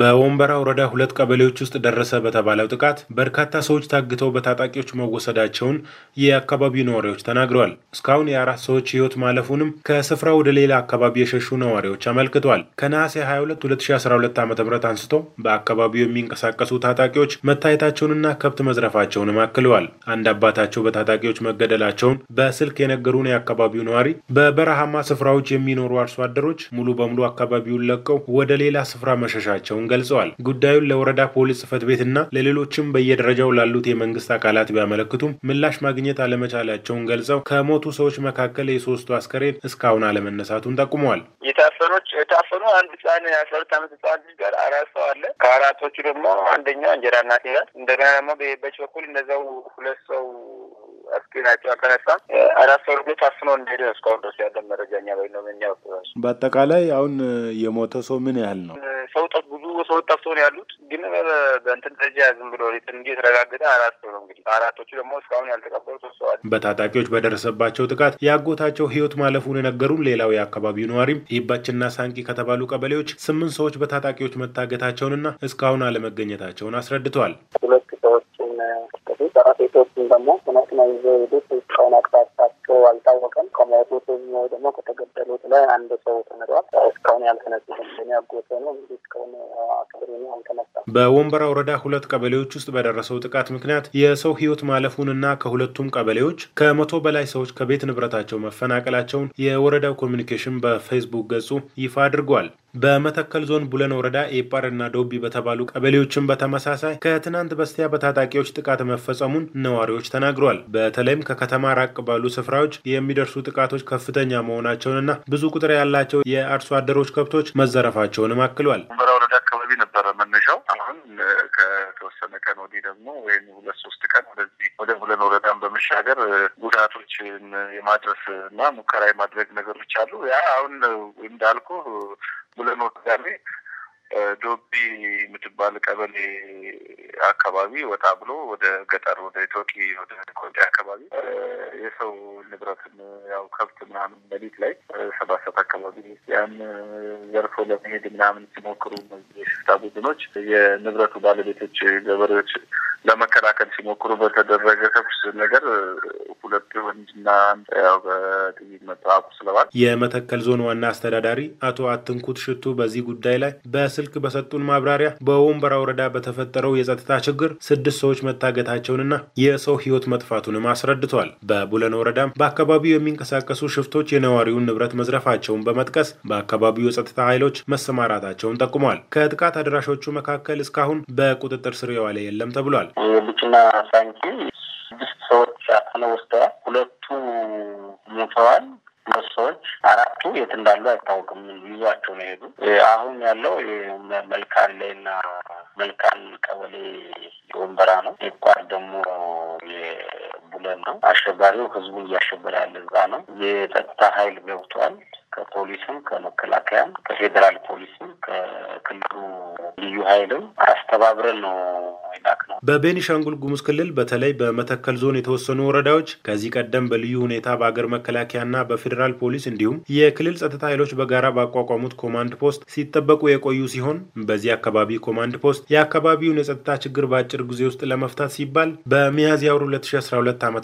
በወንበራ ወረዳ ሁለት ቀበሌዎች ውስጥ ደረሰ በተባለው ጥቃት በርካታ ሰዎች ታግተው በታጣቂዎች መወሰዳቸውን የአካባቢው ነዋሪዎች ተናግረዋል። እስካሁን የአራት ሰዎች ሕይወት ማለፉንም ከስፍራ ወደ ሌላ አካባቢ የሸሹ ነዋሪዎች አመልክተዋል። ከነሐሴ 22 2012 ዓ ም አንስቶ በአካባቢው የሚንቀሳቀሱ ታጣቂዎች መታየታቸውንና ከብት መዝረፋቸውንም አክለዋል። አንድ አባታቸው በታጣቂዎች መገደላቸውን በስልክ የነገሩን የአካባቢው ነዋሪ በበረሃማ ስፍራዎች የሚኖሩ አርሶ አደሮች ሙሉ በሙሉ አካባቢውን ለቀው ወደ ሌላ ስፍራ መሸሻቸው። መሆናቸውን ገልጸዋል። ጉዳዩን ለወረዳ ፖሊስ ጽህፈት ቤትና ለሌሎችም በየደረጃው ላሉት የመንግስት አካላት ቢያመለክቱም ምላሽ ማግኘት አለመቻላቸውን ገልጸው ከሞቱ ሰዎች መካከል የሶስቱ አስከሬን እስካሁን አለመነሳቱን ጠቁመዋል። የታፈኖች የታፈኑ አንድ ህጻን የአስራ ሁለት አመት ህጻን ልጅ ጋር አራት ሰው አለ። ከአራቶቹ ደግሞ አንደኛው እንጀራ እናት ይላል። እንደገና ደግሞ በች በኩል እንደዛው ሁለት ሰው አስኪናቸው አልተነሳም። አራት ሰው ልጆች አስኖ እንደሄደ እስካሁን ድረስ ያለን መረጃኛ ወይ ነው ኛ በአጠቃላይ አሁን የሞተ ሰው ምን ያህል ነው? ሰው ጠ ብዙ ሰው ጠፍቶ ነው ያሉት፣ ግን በእንትን ደረጃ ዝም ብሎ እንዲ የተረጋገጠ አራት ሰው ነው እንግዲህ። አራቶቹ ደግሞ እስካሁን ያልተቀበሩ ሰዋል። በታጣቂዎች በደረሰባቸው ጥቃት የአጎታቸው ህይወት ማለፉን የነገሩን ሌላው የአካባቢው ነዋሪም ይባችና ሳንቂ ከተባሉ ቀበሌዎች ስምንት ሰዎች በታጣቂዎች መታገታቸውንና እስካሁን አለመገኘታቸውን አስረድተዋል። የሄዱት ሴቶቹን ደግሞ ሁነት ነው ይዘው የሄዱት። እስካሁን አቅጣጫቸው አልታወቀም። ከሞቱት ወይ ደግሞ ከተገደሉት ላይ አንድ ሰው ተነዷል። እስካሁን ያልተነሱ ያጎተ ነው እንግዲህ እስካሁን አክብሬ አልተነሳም። በወንበራ ወረዳ ሁለት ቀበሌዎች ውስጥ በደረሰው ጥቃት ምክንያት የሰው ህይወት ማለፉን ማለፉንና ከሁለቱም ቀበሌዎች ከመቶ በላይ ሰዎች ከቤት ንብረታቸው መፈናቀላቸውን የወረዳው ኮሚኒኬሽን በፌስቡክ ገጹ ይፋ አድርጓል። በመተከል ዞን ቡለን ወረዳ ኤጳር እና ዶቢ በተባሉ ቀበሌዎችን በተመሳሳይ ከትናንት በስቲያ በታጣቂዎች ጥቃት መፈጸሙን ነዋሪዎች ተናግረዋል። በተለይም ከከተማ ራቅ ባሉ ስፍራዎች የሚደርሱ ጥቃቶች ከፍተኛ መሆናቸውንና ብዙ ቁጥር ያላቸው የአርሶ አደሮች ከብቶች መዘረፋቸውንም አክሏል። ወንበራ ወረዳ አካባቢ ነበረ መነሻው። አሁን ከተወሰነ ቀን ወዲህ ደግሞ ወይም ሁለት ሶስት ቀን ወደዚህ ወደ ቡለን ወረዳን በመሻገር ጉዳቶችን የማድረስ እና ሙከራ የማድረግ ነገሮች አሉ። ያ አሁን እንዳልኩ ብለን ወዳለ ዶቢ የምትባል ቀበሌ አካባቢ ወጣ ብሎ ወደ ገጠር ወደ ቶኪ ወደ ቆንጫ አካባቢ የሰው ንብረትን ያው ከብት ምናምን ሌሊት ላይ ሰባሰት አካባቢ ያን ዘርፎ ለመሄድ ምናምን ሲሞክሩ ሽፍታ ቡድኖች የንብረቱ ባለቤቶች ገበሬዎች ለመከላከል ሲሞክሩ በተደረገ ተኩስ ነገር ሁለት ወንድና ያው በጥይት መጥተው አቁስለዋል። የመተከል ዞን ዋና አስተዳዳሪ አቶ አትንኩት ሽቱ በዚህ ጉዳይ ላይ በስልክ በሰጡን ማብራሪያ በወንበራ ወረዳ በተፈጠረው የጸጥታ ችግር ስድስት ሰዎች መታገታቸውንና የሰው ሕይወት መጥፋቱንም አስረድተዋል። በቡለን ወረዳም በአካባቢው የሚንቀሳቀሱ ሽፍቶች የነዋሪውን ንብረት መዝረፋቸውን በመጥቀስ በአካባቢው የጸጥታ ኃይሎች መሰማራታቸውን ጠቁመዋል። ከጥቃት አድራሾቹ መካከል እስካሁን በቁጥጥር ስር የዋለ የለም ተብሏል። ልጅና ሳንኪ ስድስት ሰዎች አፍነው ወስደዋል። ሁለቱ ሞተዋል። ሁለት ሰዎች አራቱ የት እንዳሉ አይታወቅም። ይዟቸው ነው የሄዱ አሁን ያለው መልካን ላይና መልካን ቀበሌ የወንበራ ነው። ቋር ደግሞ የቡለን ነው። አሸባሪው ህዝቡን እያሸበረ ያለ እዛ ነው። የጸጥታ ኃይል ገብቷል። ከፖሊስም ከመከላከያም ከፌዴራል ፖሊስም ከክልሉ ልዩ ኃይልም አስተባብረን ነው ነው። በቤኒሻንጉል ጉሙዝ ክልል በተለይ በመተከል ዞን የተወሰኑ ወረዳዎች ከዚህ ቀደም በልዩ ሁኔታ በአገር መከላከያና በፌዴራል ፖሊስ እንዲሁም የክልል ጸጥታ ኃይሎች በጋራ ባቋቋሙት ኮማንድ ፖስት ሲጠበቁ የቆዩ ሲሆን በዚህ አካባቢ ኮማንድ ፖስት የአካባቢውን የጸጥታ ችግር በአጭር ጊዜ ውስጥ ለመፍታት ሲባል በሚያዝያ ወር 2012 ዓ ም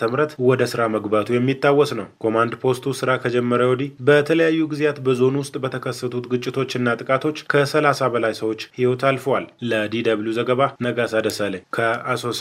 ወደ ስራ መግባቱ የሚታወስ ነው። ኮማንድ ፖስቱ ስራ ከጀመረ ወዲህ በተለያዩ ጊዜያት በዞኑ ውስጥ በተከሰቱት ግጭቶችና ጥቃቶች ከ30 በላይ ሰዎች ህይወት አልፈዋል። ለዲ ደብልዩ ዘገባ ነጋሳ ደስ መሰለኝ ከአሶሳ